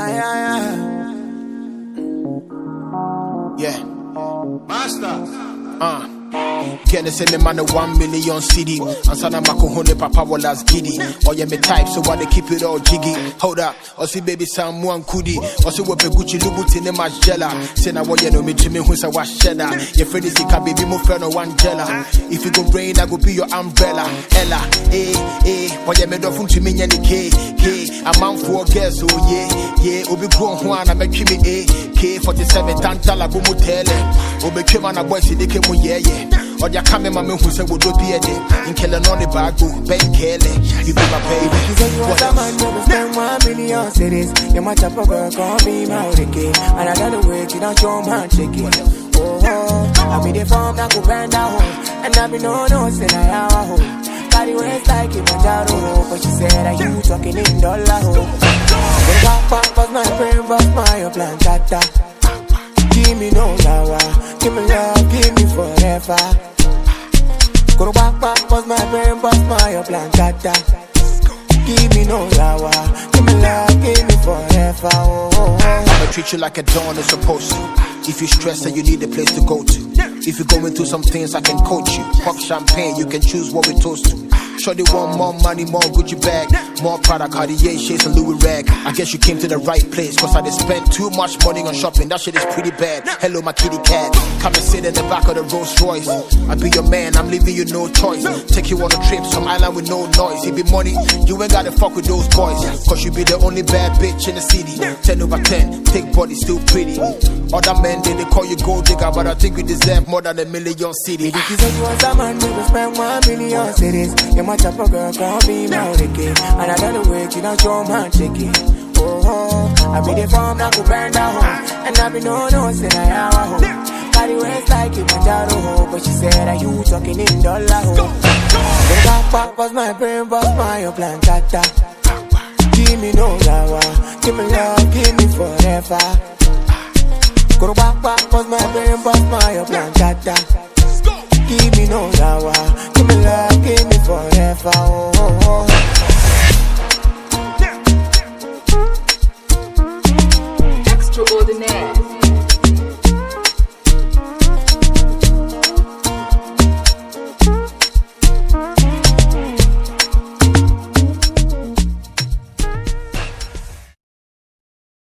Aye, aye, aye. Yeah. Master. Uh. Gene send the man a one million CD. And sana makuhone papa wallas giddy. Or oh, yeah, me type, so why they keep it all jiggy. Hold up, or oh, see baby someone coody. Or oh, see what Gucci Lubuti ne match jella. Say na what you know me to me who's a wash cheddar. Your friend is a baby mo friend or one jella. If you go rain, I go be your umbrella. Ella, eh, eh, or yeah, me do fun to me any am man for girls, oh yeah, yeah, obi grown one, I'm a chimney, eh. AK47 tantala i mutele obetwema na boy sidike mu yeye ɔde aka me ma mehu sɛ wɔdɔ bi ɛde nkele no ne baago oh, bɛnkele you be my baby you say you want a man you spend one million cities your match up girl call me my hurricane and I got to wait you don't show man chicken oh, oh. I be the form that go brand home, and I will be no no say I have a home body like But she said, you talking in dollar my my Give me no give me love, give me forever back, back, my brain, bust my Give me no lawa, give me love, give me forever oh, oh, oh. I'ma treat you like a don is supposed to if you stress and you need a place to go to. If you're going through some things, I can coach you. Pop champagne, you can choose what we toast to sure they want more money, more Gucci bag, more product, Cartier shades and Louis rag. I guess you came to the right place, cause I just spent too much money on shopping. That shit is pretty bad. Hello, my kitty cat. Come and sit in the back of the Rolls Royce. I be your man, I'm leaving you no choice. Take you on a trip, some island with no noise. It be money, you ain't gotta fuck with those boys. Cause you be the only bad bitch in the city. 10 over 10, thick body, still pretty. Other men, they, they call you gold digger, but I think you deserve more than a million cities. you said you a man, we spend one million cities. you my type of girl can't be my Ricky. And I don't know wait, not show man chicky. Oh, oh, I be the farm that could burn down home. And I be no, no, say I have a home. Body waist like it, my dad, oh. But she said, are you talking in dollar home? The back back was my brain, was my plan, tata. Give me no love, give me love, give me forever. Go back back was my brain, was my plan, tata. Give me no love, give me love, give me forever. Oh, oh, oh. extraordinaire.